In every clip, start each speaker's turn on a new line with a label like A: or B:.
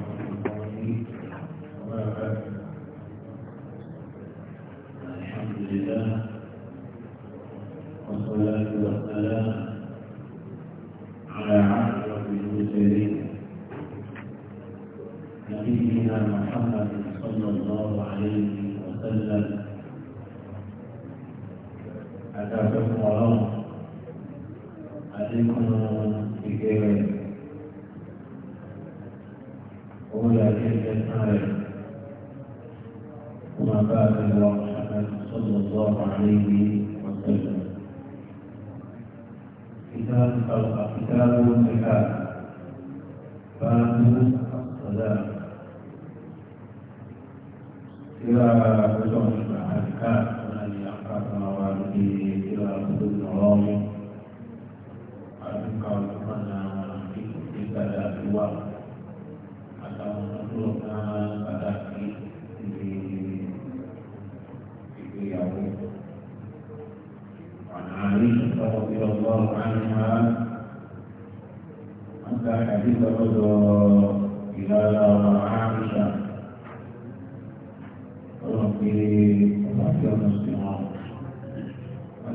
A: وما بعد كتاب كتاب الزكاة باب الصلاة إلى رجل الأحكام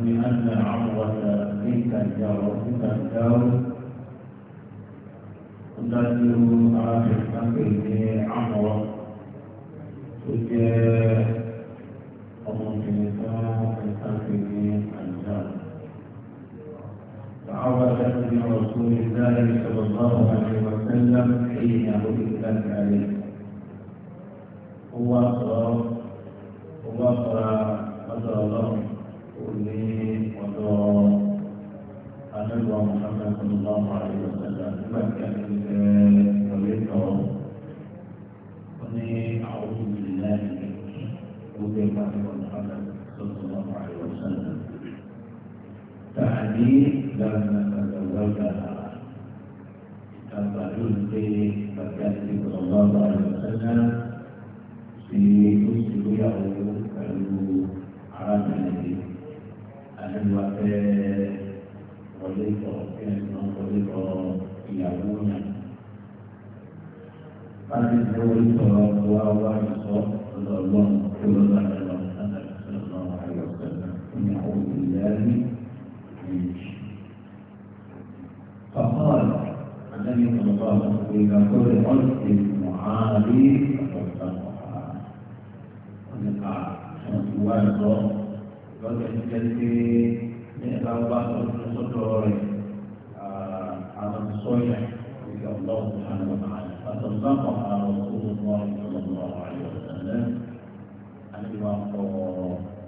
A: بأن عروة تلك الدار تلك الدار تدل على حكمة عمرة تجاه وممكن حكمة الدار تعرفت من رسول الله صلى الله عليه وسلم حين ولدت عليه هو أقرأ هو أقرأ قدر الله ní ọ̀dọ̀ alẹ́gbọ̀n Muhammad sallallahu alaihi wa sallam nígbà tí a ti fẹ́ wọlé tọ̀ ó ní àwọn olùdíje náà ní gbogbo ìgbà alẹ́gbọ̀n Muhammad sallallahu alaihi wa sallam. tàbí lọ́nà lọ́gbàdà تعبدون في مكانه صلى الله عليه وسلم في كل يوم على النبي ìwà fẹ́ ọ̀lẹ́kọ̀ kí ẹ̀ máa ń ọ̀lẹ́kọ̀ ìyàwó yàn. Báyìí ni ó ń sọ̀rọ̀ wá wá ìsọ́ ọlọ́ọ̀lọ́ọ̀ tó lọ́dọ̀ àjọ náà sọ̀rọ̀ àyọ̀sẹ̀ náà ní àwọn ìlẹ́rí méjì. فقال النبي صلى الله عليه وسلم إذا قرئت المعاري فقد سمعها. ونقع شمس وارد lọ́jọ́ ìjẹ́ pé ní ẹ̀ka bá tọ́jú sọ́dọ̀ rẹ̀ àwọn sọ́yà ìgbà ọlọ́run ní àwọn ọmọ àyè àtọ̀sọ́kọ̀ àwọn ọ̀ṣun wọn ìjọba ọmọ àyè ọ̀sẹ̀lẹ̀ àdìwà kọ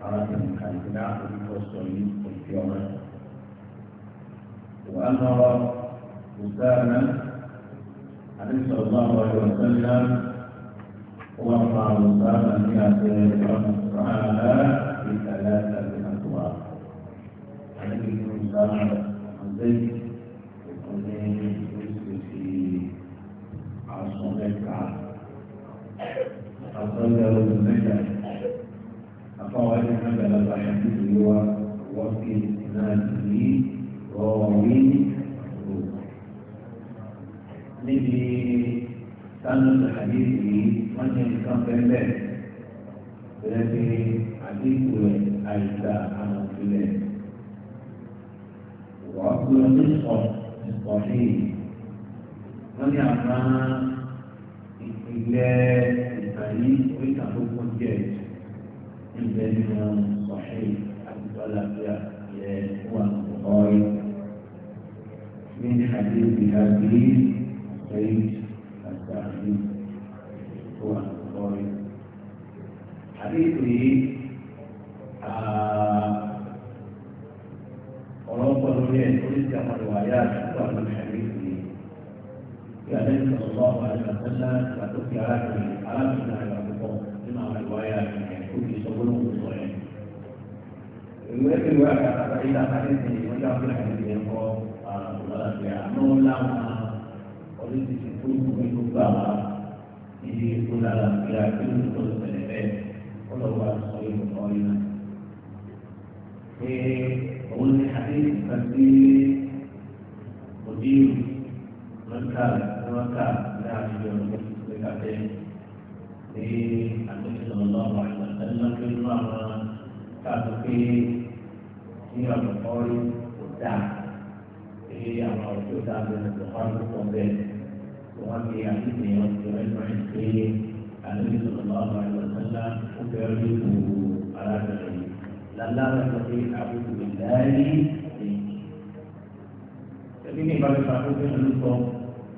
A: arábìnrin kàìdá orúkọ sọ yìí kò fi ọmọ وأمر أسامة عليه صلى الله عليه وسلم وأمر أسامة بأسره تعالى بثلاثة ìgbà ọ̀sẹ̀ ọ̀sẹ̀ oṣù tí àṣọ mẹ́ta àṣọ mẹ́ta oṣù mẹ́ta. أن pé òun ní àdéhùn kan sí òdì mọ́tà mọ́tà ní àdéhùn ọ̀dọ́ pé kàtẹ́ ní àdéhùn ọ̀dọ́ àwọn àìsàn lọ́jọ́ inú àwọn káàtó pé ní ọ̀dọ̀ kọ́rí kò dáa pé àwọn ọ̀dọ́ dáa bẹ̀rẹ̀ tó kọ́rí bẹ́ẹ̀ tó wọ́n fi àdéhùn ọ̀dọ́ ẹ̀rọ ẹ̀ pé àdéhùn ọ̀dọ́ àwọn àìsàn lọ́jọ́ ó bẹ̀rẹ̀ ní dalam Abu aku mengendali jadi ini baru satu yang menutup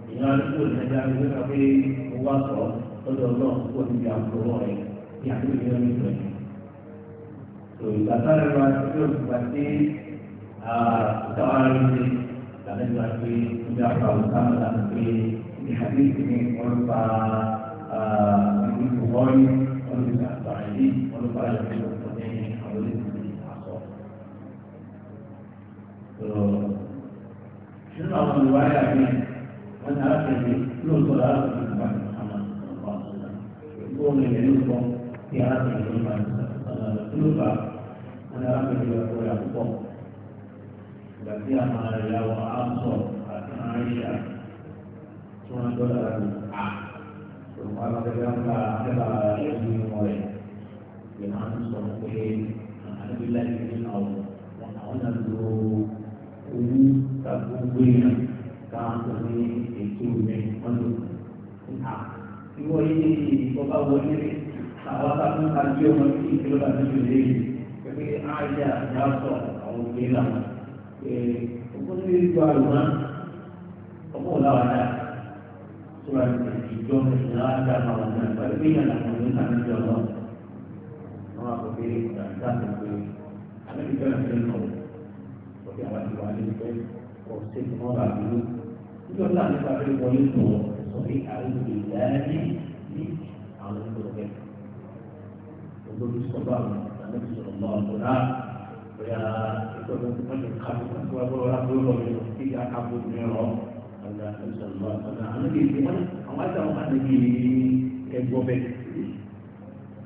A: dengan itu saja itu tapi Allah tahu betul Allah pun yang berbohong yang itu yang itu so dasar lewat itu berarti ah, seorang ini dan itu berarti tidak tahu sama dan berarti di hadis ini ah, orang pak ini berbohong orang tidak berbohong orang pak yang àwọn ìwà ayà mi wọ́n ti arákùnrin lóòótọ́ arákùnrin ìgbà ìmọ̀hánà ọ̀pọ̀ àtúntà ó rìn rẹ̀ lóòótọ́ bí arákùnrin ló máa ń sọ̀rọ̀ lóòótọ́ wọ́n ti arákùnrin ló kọ́ ya púpọ̀ ìgbà tí a máa rẹ̀ yàwọ̀ áńsọ̀ àti àríṣà tí wọ́n dọ́là rẹ̀ à òun wá lọ́kẹ́kẹ́ ń bá ẹ̀bà ẹ̀yìn wọn rẹ̀ ìmọ̀ àńsọ̀ pé àdébílẹ̀ ìdílé àwọn àwọn náà lo owó tàbí owó èèyàn ìròyìn wọn lò níta ìwọ yìí ní ìfọwọ́ wọlé àwọn akásùn àti ọmọ tí ìjọba bá ti lè rí pẹ̀lú àyà ìyàtọ̀ àwọn òbí là ọkọ tí ó gba àlùmá ọkọ làwọn àdá sọlá ìjọ ìlà àdá àwọn ọmọ ìgbà pé ìyànà àwọn ọmọ ìgbà níjọ lọ wọn wà pé ìgbà pé àlejò ìjọba ti ń lọ ọkọ àwọn àti wà ní ìgbẹ́ ọ̀sẹ̀ tí wọ́n bá dúró sọ́lá nípa pé wọlé tó sọ pé àwọn ìdáyé ní àwọn ìgbọ̀kẹ́. Olórí sọ́lá mi àti sọ̀rọ̀ mọ́ ọ̀dọ́lá bóyá ìtọ́jú tó wọ́n ti ká tó wọ́n ti wá bọ́ ọ́lá tó lọ́ọ́ yẹn kí á ká bó ní ọ̀rọ̀ ọ̀dà sọ̀rọ̀ mọ́ ọ̀dọ́lá. Àwọn ìgbè àwọn àti àwọn àdébí ẹgbọ́ bẹ́ẹ̀.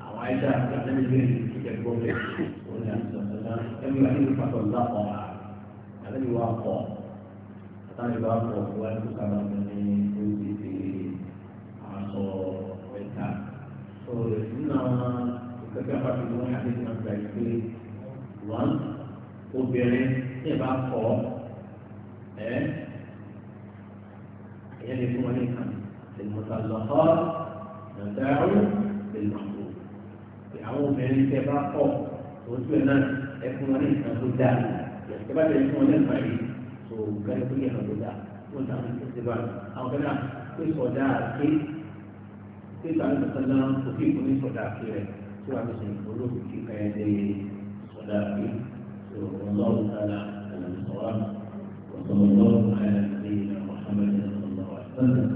A: Àwọn àti àwọn àdébí ẹgbọ́ bẹ́ẹ̀. ní àti sọ̀rọ̀ mọ́ táyọ̀ bá pọ̀ wá ní kàmá mi ní oṣù tí aṣọ ẹ̀ka. sọ̀rọ̀ nínú àwọn ìkẹ́kẹ́ àpapọ̀ ìlú wọn àti ìgbà ìgbà ìgbé wọn obìnrin tí ìbá kọ́ ẹ́ ẹ̀yẹ́ lè fún wọn ní ìkànnì lèmọ̀tà lọ́kọ́ nàdáàrú lèmọ̀tò. àwọn obìnrin tí ẹ bá kọ́ oṣù náà ẹ fún wọn ní ìkànnì tó dáa ẹ bá tẹ̀lé fún wọn ní ìkànnì tó gẹ́gẹ́ bí ẹ̀rọ tó dà wọ́n ta ní festival àwọn kan náà pé sọ̀dá àké pé sàmì tuntun náà kò fi ìkùn ní sọ̀dá àké rẹ̀ tí wàá fi olóògùn kí káyọ̀ dé sọ̀dá àké ọlọ́run tààlà ọ̀nà sọ̀rọ̀ وصلى الله على نبينا محمد صلى الله عليه وسلم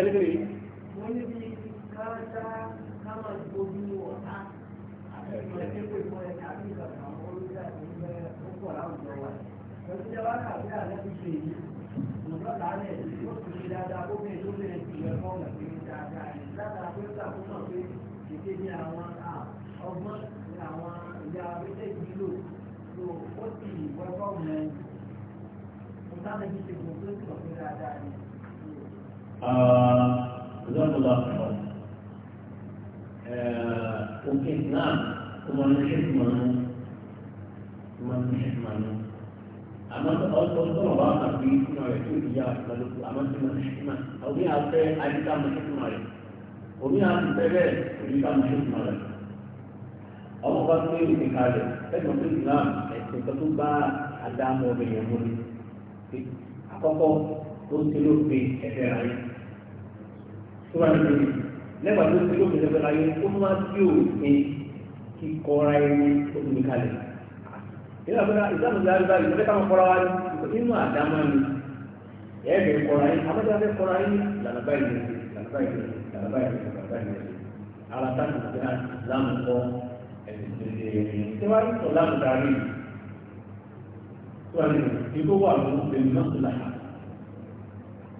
A: ẹlẹ́gbẹ̀rẹ̀ yìí. wọ́n ní bí káàtà káàmà gbogbo ọ̀tá àti ìmọ̀lẹ́gbẹ̀ ìmọ̀ ẹ̀ àti ìgbàgbọ́ àwọn olùdíje àti ìgbẹ́ ọkọ̀ àwùjọ wa. lọ́sí jẹ́ wákà bí àlẹ́ fi ṣe yìí lọ́sọ̀ lálẹ́ yóò ti ṣe dáadáa bó bẹ́ẹ̀ ló lè ti rẹ̀ fọ́ ọ̀nà pé dáadáa yìí látara pé ó ṣàkóso pé kété ní àwọn ọgbọ́n ní àwọn ìyá méjèèjì lò tó ó sì wẹ́fọ́ mọ́ ọ̀nà ìdáná ti ṣe gbogbo ìtọ́jú dáadáa yìí. جزاكم وكيف نعم ومن حكمة ومن حكمة àmọ́ ọ̀tọ̀ ọ̀rọ̀ àgbà fi ìfúnná rẹ̀ tó ìyá àtìmọ́lókù àmọ́ tí mo ṣe mà òbí àfẹ́ àyíká mo ṣe fúnná rẹ̀ òbí àti bẹ́ẹ̀ òyíká mo ṣe fúnná rẹ̀ ọmọ bá tó èrò nìka rẹ̀ ẹ̀gbọ́n tó ti náà ẹ̀sìn kan tó bá àdámọ́ ọmọ tó bá níbi lẹ́gbà tó ti lóògùn ìjọba láyé ó máa tí ò ní kíkọra ẹni obìnrin kalẹ̀. ìlú àbúrò ìsáàmù ti àríwá ìjọba káwọn kọra wa nínú àdámá ni ẹ̀ẹ́dẹ̀ kọra yín abájá fẹ́ kọra yín lànà báyìí lànà báyìí lànà báyìí lànà báyìí ara tá a ti lámù kọ ẹ̀sìn tó ṣe ẹ̀yìn tí wọ́n á sọ lámù darí tó wà nínú ìgbówó àwọn obìnrin náà tó láyà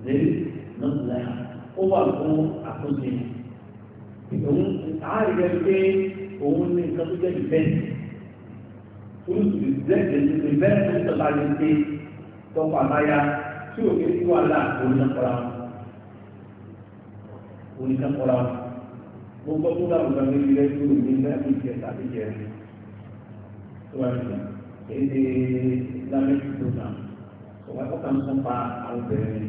A: lẹ́yìn náà tó láyà ó wà fún àtúnṣe òun àárẹ̀ pé òun ní nǹkan tó jẹ́ ìfẹ́ǹsì olùsùlù lẹ́sẹ̀ ní pé bẹ́ẹ̀ tó ń tọ́ta lè ṣe tọ́pọ̀ àbáyá tí òkè sí wàhálà oníkàkọ́ra oníkàkọ́ra gbogbo tó dáàbò bá mi rẹ tó ní bẹ́ẹ̀ jẹ tàbí jẹ tó wà nígbà èdè islamic program ọ̀pọ̀ àkọ́kọ́ ń sọ́pa àwọn obìnrin.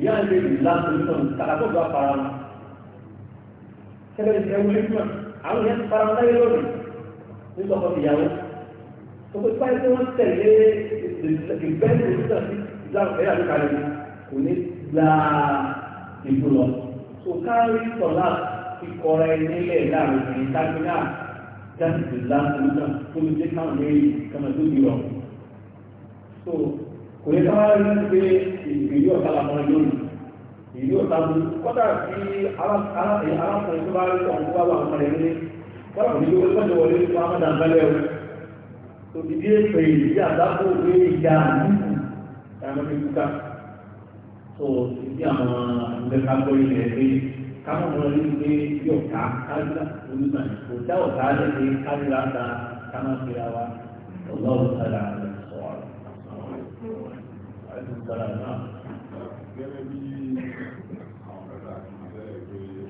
A: ìyá ń lè ìlà tòlítọ̀nù kàkà tó gba fara wọn kẹ́lẹ́ ìṣẹ́ wúlé fún àwọn ìyẹn ti fara wọn láyé lónìí nígbà ọkọ̀ ìyàwó tó tó báyìí tí wọ́n tẹ̀lé ìbẹ́ẹ̀ tòlítọ̀nù ìlànà ẹ̀yà ló kalẹ̀ kò ní gba ìbò lọ tó kárí tọ̀lá ìkọ̀ra ẹ̀nílẹ̀ láàrin ìrìn tájú náà jáde tòlítọ̀nù tó lè dé káwọn kò lè sábà rí pé ìlú ọ̀tá làwọn lónìí ìlú ọ̀tá bu kọ́dà sí arákùnrin tó bá rí ọ̀hún tó bá wà ọ̀tá rẹ̀ nílé kọ́dà kò ní yóò tọ́jú wọlé fún amáda ńlẹ́ o tó ti dé pé ìdí àdáko pé ìjà àdúgbò ìyàmọ́ fi kúta tó ìdí àwọn ẹ̀ka gbọ́ ilẹ̀ pé káwọn ọmọ rí pé bí ọ̀tá agbára náà gẹ́gẹ́ bí àwọn ọ̀rẹ́dà àti ìbẹ̀rẹ̀ pé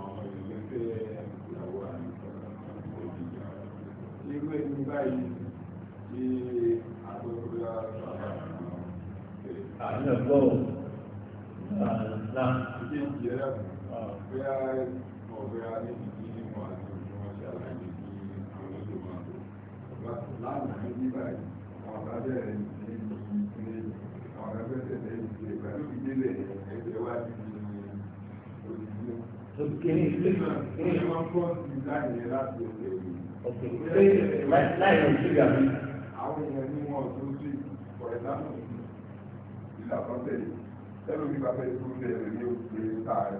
A: àwọn ọmọ pé ìyàwó àmì òjìjà irú ẹni báyìí tí àgbẹ̀kúrẹ́ àgbà àti ẹ̀gbọ́ náà ìdí ìjẹ́rẹ́ pé ọ̀rẹ́ alẹ́ ìdí wọn àti òṣùwọ̀n ṣàlàyé ní àwọn ìlú wọn lánàá ní báyìí àwọn àbájẹ́ rẹ̀ rẹ̀ ẹgbẹ́ wá sí òyìnbó. Kìnì kìnì máa ń fọ́ sí láì yẹn láti ọ̀dẹ̀ òyìnbó. Láì lọ sí ìgbà mi. Àwọn èèyàn ní wọn tó sí for example ìlà kan tẹ̀lé. Sẹ́nu mi bá fẹ́ tó lé ẹ̀rọ ní òkè táàrí,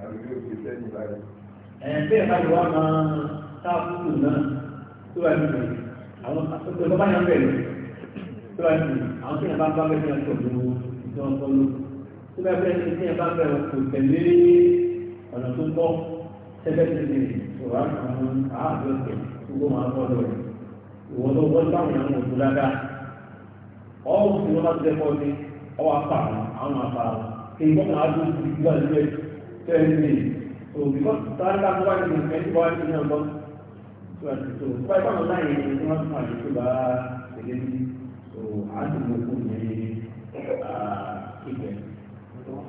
A: ẹ̀rọ ní òkè sẹ́yìn báyìí. Ẹ̀ẹ́n bẹ́ẹ̀ bá ti wá máa táàbùkù náà tó wà nínú àwọn akẹ́kọ̀ọ́ bá tó bá fẹ́ ṣe tí ẹ bá bẹ̀rù kò tẹ̀lé ọ̀nà tó tọ́ tẹ́lẹ̀ tẹ́lẹ̀ ìwà àwọn àádọ́ tẹ̀ gbogbo máa kọ́ lọ rẹ̀ ìwọ ló wọ́n táwọn àwọn òtún dáadáa ọ̀hún tí wọ́n bá ti dẹ́kọ́ ní ọwọ́ apá àwọn apá kí wọ́n máa dún sí ìgbà ìlú ẹ̀ tẹ́lẹ̀ so because tààtà tó bá ti ẹni bá ti ní ọgbọ́n tó bá ti tó bá ìbá wọn láyé ni wọ́n tún àti tó bá tẹ̀lé ní so àádùn lókun ní ibẹ̀.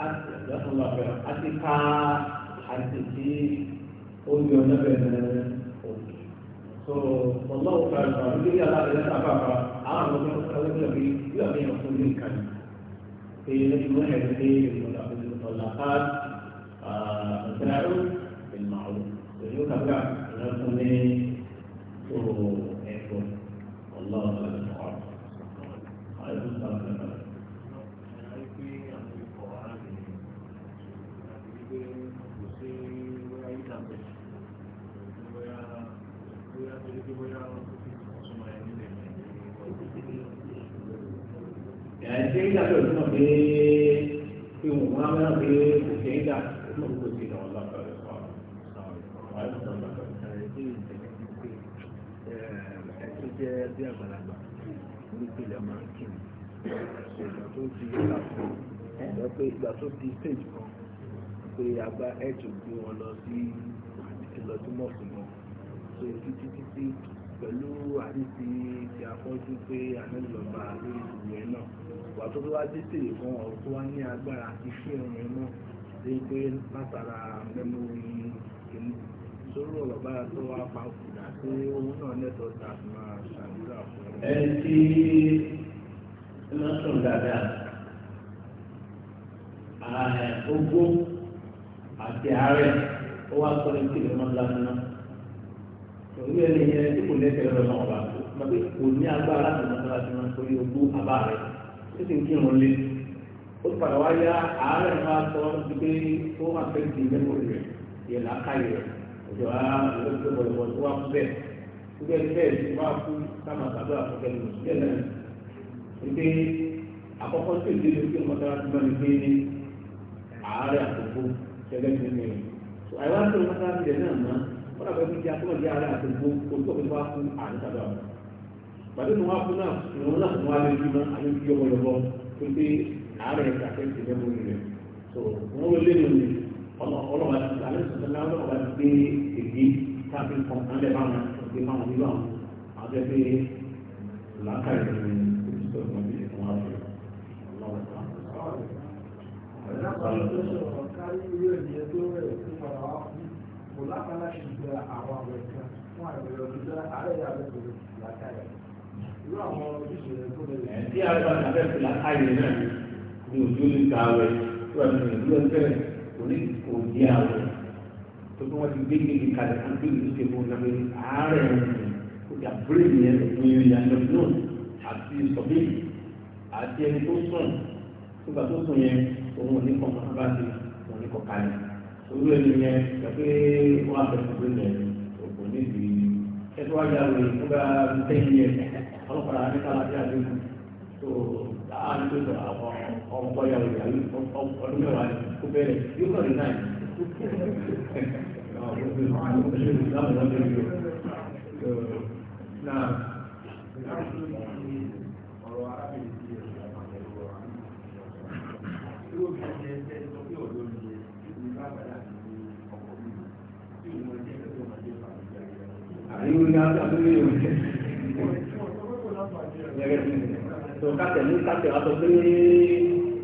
A: àti ká àti tí ó yọ lẹ́bẹ̀ mẹ́rin òkè. so ọ̀nà òkè àgbà ní ilé aláàbẹ̀ lẹ́sẹ̀ àbàbà àwọn ọmọ ọmọ ọmọ bí bí ọmọ yẹn fún ní nǹkan yìí pé ìlú ẹ̀rí pé ìmọ̀lá ọ̀là ká ọ̀sẹ̀ àrùn ìmọ̀ àwọn òṣèlú kàgbà ìrẹ́fún ní. dájọ́ ìlú pé pé máa mẹ́ràn pé kò ṣe é dà ló kò sí ìdáwọ́ lápẹ̀rẹ̀ ẹ̀sùn ìgbà pé ìgbà tó di stage kan pé àgbà ẹ̀jọ̀ gbé wọn lọ sí ìlọ́túnmọ̀sùn náà so títí títí pẹ̀lú àdìsí ti afọ́jú pé àmẹ́lọ́ba lórí ìwé náà wà tó wá dé tèrè fún ọ tó wá ní agbára àti fí ọmọ náà dé pé látara mẹ́mú ìkíní sórí ọ̀rọ̀ bára tó wá pa kùdà pé owó náà lẹ́tọ̀ọ́ ta máa ṣàdúrà fún ọ. ẹ ti lọ́sùn dáadáa ààrẹ ogún àti ààrẹ ó wá sọ ní kí lè má lánàá. orí ẹni yẹn ihe kò lẹ́sẹ̀ lọ́dọ̀ náà wà gbàgbé kò ní agbára láti mọ́sálásí wọn torí ogún àbá rẹ̀ ó sì ń kírun lé ó padà wá yá àárẹ̀ máa sọ ti pé ó máa fẹ́ di mẹ́mórì rẹ̀ yẹn làákàyè rẹ̀ ti ni ti wọn àgbẹ̀ fún ti akọ́mọ̀ di ara àti ìbò olùkọ́ fún wa fún àdìsàdọ̀ àwọn. pàdé nu wa fún náà ìrànwọ́ náà fún wa lè fi mọ́ àti fi ọmọ yọ̀bọ tó pé àárẹ̀ ìtàkẹ́sì lẹ́mú rẹ̀ tó wọ́n wọlé lónìí ọlọ́wà ti alẹ́ sọ̀tẹ́ náà ọlọ́wà ti gbé èdè káfíń kan alẹ́ bá wọn ti máa wọn nílò àwọn àti pé làákàyè Thank you kò lákàlà ṣe gba àwọn àwẹ̀ kan fún àìbẹ̀rẹ̀ ọdún dá àárẹ̀ yà bẹ̀ pẹ̀lú làkàyà irú àwọn ojúṣe rẹ̀ tó lè lẹ̀. tí a bá ń bẹ̀ pẹ̀lú àkàyè náà ni òjò ní ka àwẹ̀ tó a bẹ̀rẹ̀ ìlú ẹgbẹ́ kò ní kò di àwẹ̀ tó bí wọ́n ti gbé gbèdé kalẹ̀ fún bí ìlú tẹ̀wọ́ nàbẹ̀ àárẹ̀ kò dà bírèdì yẹn òun yẹn yàtọ̀ náà àti sọ̀bí àti ẹni tó sùn nígbà tó sùn yẹn òun ò ní kọ̀ọ̀kan bá ti òun ní kọ̀ọ̀kan yẹn olú ẹni yẹn pé wọn àfẹsẹ̀ pé lẹ̀ òkò níbi ẹtú wájà rẹ fúnra tẹ́yìn yẹn ọlọ́pàá ní kálátì àdínkù tó àdínkù tó àwọn ọmọkọ yà wọlé àbí ọdún mẹ́wàá kó bẹ̀rẹ̀ yóò kọ̀ ní náà yìí. Nah. tó kátẹ̀ ní kátẹ̀ wá sọ pé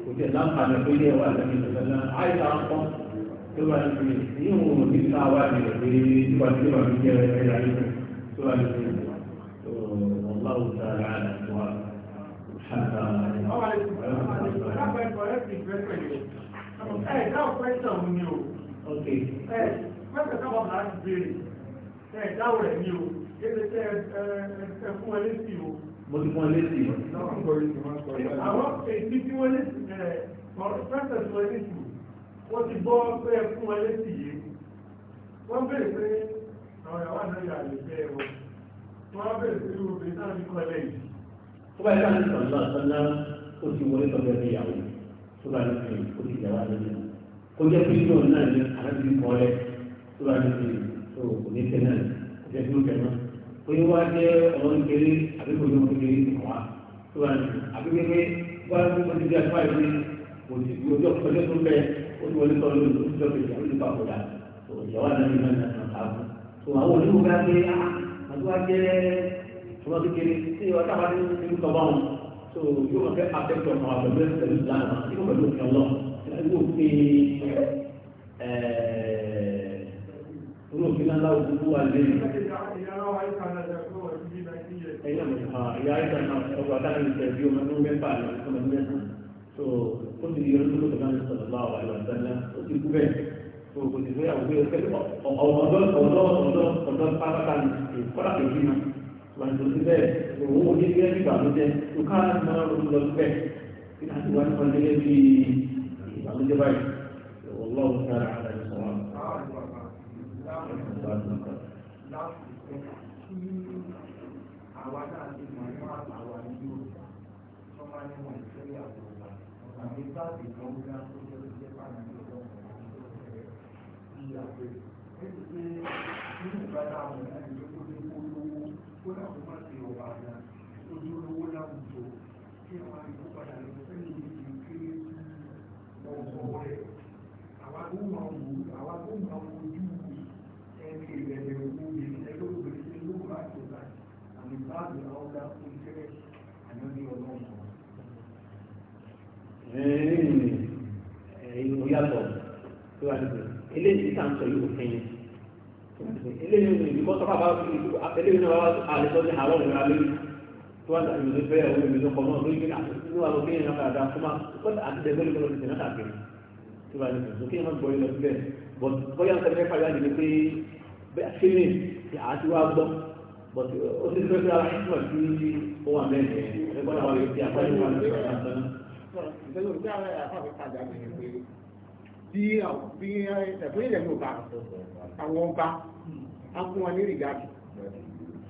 A: kò tẹ̀ láǹfààní pé ilé wa lẹ́nu ìṣẹ̀lẹ̀ náà àìsàn akọ́ tó bá ti fi yíò wò ní sáà wá ní ìrẹ̀ pé nípa tí wà ní jẹ́ ẹ̀yà yìí tó bá ti fi tó ọláwù tá a rà pẹ̀lú ẹ̀ dáhùn pẹ́sàn fún mo ti fún ẹlé sí o. àwọn èyí tí wọ́n lé pẹ́sẹ̀ tí wọ́n lé o wọ́n ti gbọ́ pé ẹ fún ẹlé sí yìí wọ́n bèèrè pé àwọn ìyàwó àdáyà lè fẹ́ ẹ wọ́n bèèrè pé obìnrin náà ní kọ́lẹ̀ yìí. ó bá yẹ láti sọ̀rọ̀ náà sọ́nà ó ti wọlé tọ́jọ́ sí ìyàwó tó bá ní fi ó ti jẹ́wọ́ àdéhùn kó jẹ́ pé yóò náà ní àrẹ́bí kọ́lẹ̀ tó bá ní fi tó ní tẹ́ náà wá jẹ́ ọ̀rọ̀ nìkéré àbí kò ní wọn kékeré ní wọn tó wà ní àbí kékeré wá ní wọn ti di àgbà yìí kò sì kú ojú ọ̀pọ̀lọpọ̀ tó bẹ́ẹ̀ ó ti wọlé sọ̀rọ̀ lórí ojú ọ̀pẹ̀ ìyàwó ní papòdà tó ìyàwó àdáni náà ní àtàkà fún tó àwọn olówó bá dé àti wá jẹ́ ọmọ kékeré tí wọ́n táwọn ní ìlú kọ báwọn tó yóò wọ́n fẹ́ akẹ́kọ̀ọ́ àwọn àgbẹ̀bẹ̀ ìlànà tí wọ́n pẹ̀lú ìfẹ́ lọ ẹgbẹ́ òfin ẹ̀yọ́ mi ah, ìyá ẹ̀ta náà ọgbà tá a lè tẹ̀ bí ọmọ tó mẹ́fà lọ ọmọ tó mẹ́fà tó ó ti yọ lóko tó náà sọ̀rọ̀ bá wà lọ sẹ́lẹ̀ ó ti kú bẹ́ẹ̀ tó kò sì fẹ́ àwọn ọ̀gbẹ́ ọ̀dọ́ ọ̀dọ́ ọ̀dọ́ ọ̀dọ́ pátákà ní kọ́lá kejì náà wàjú sí bẹ́ẹ̀ òun ò ní bí ẹni ìbànújẹ́ tó ká máa ń lọ sí bẹ́ẹ̀ kí láti wá nípa gẹ́gẹ́ bí ìbànújẹ́ báyìí ọlọ́run sára àwọn tó máa wù àwọn tó máa wojú kéde ní ìdíkọ́ sọ́kà bá fi ìlú àtẹ́lẹ́ iná wá àlẹ́sọ́ ní àwọn ìrìn àlẹ́ tó wà láti ìlú fẹ́ ẹ̀wọ̀n ìlú kọ̀ náà lórí kíni àtúntò wà lókè yẹn náà dáa fúnmá kọ́tà àti dẹ̀gbẹ́ lókè lókè náà tàbí tó bá yẹn lókè yẹn náà gbọ́ ilẹ̀ bẹ́ẹ̀ bọ́t bóyá nǹkan fẹ́ fàyà nìyẹn pé bẹ́ẹ̀ kíni tí a ti wá gbọ́ bọ́t ó ti fẹ́ fẹ́ aláṣẹ́fọ̀ tí ó wà mẹ́rin ẹ̀ẹ́dẹ́gbọ́n àwọn a fún wọn ní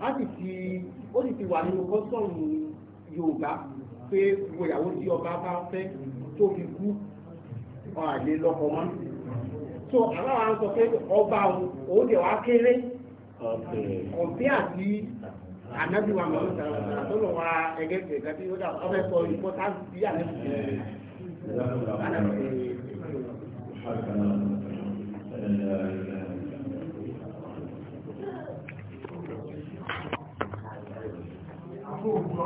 A: a sì ti ó sì ti wà nínú kọ́sọ̀mù Yorùbá pé gbogbo ìyàwó tí ọba bá fẹ́ tó fi kú ọ̀àlè lọ́kọ mọ́ so aláwa ń sọ pé ọba òun dẹ̀ wá kéré ọ̀bí àti ànábì wa mọ̀ àtọ́lọ̀ wa ẹgẹ́ tẹ̀ kàtí ó dà ọbẹ̀ sọ ìpọ́tàǹtì bí ànábì tẹ̀ tó ń lọ